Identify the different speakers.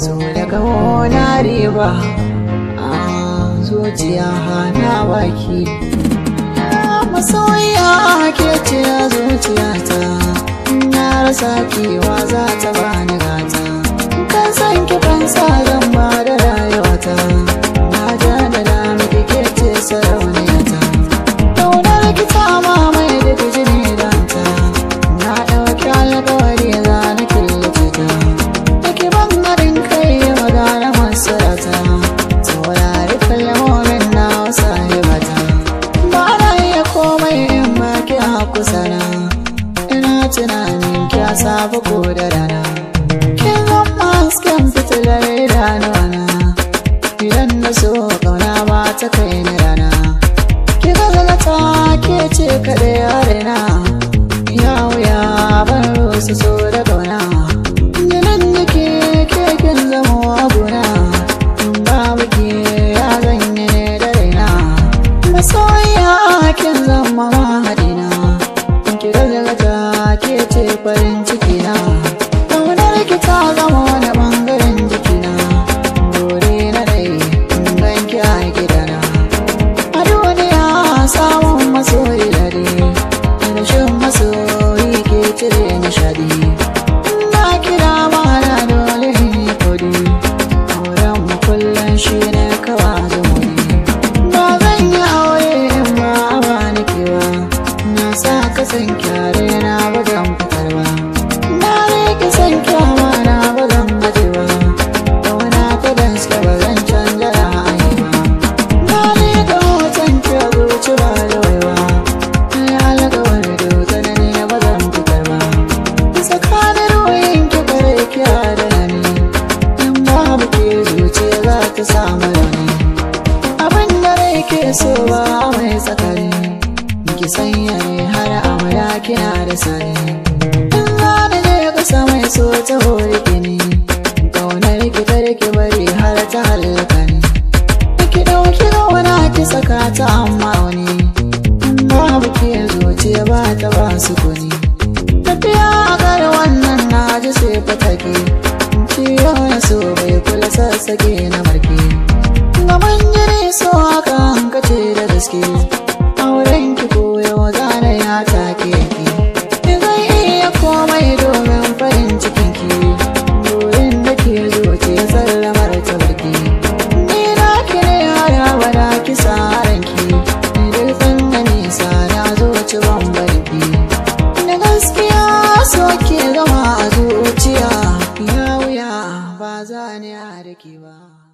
Speaker 1: so daga wona riba a zuciya hana baki masoya ke ce ta na rasa kewa za kusa na ina tunanin kya sabu ko da rana kin amma hasken fitilar na idan na so kauna ba ta kai ni rana ki gazalata ke ce kaɗai nake so ba mai tsakari Niki sanya ne har amara kina da sani ba da ne kasa mai so ta hori gini kaunar ki tare bari har ta halaka ne ki dauki gawana ki saka ta amma wani babu ki ce ba ta ba su kuni gaske auren ki koyo zana ya take ki ki zai iya komai domin farin cikin ki gurin da ke zuce sallamar tabarki ni na ki ne har abada ki tsarin ki idan san da nisa na zuci ban barki da gaskiya so ke zama a zuciya ya wuya ba za ni a da ba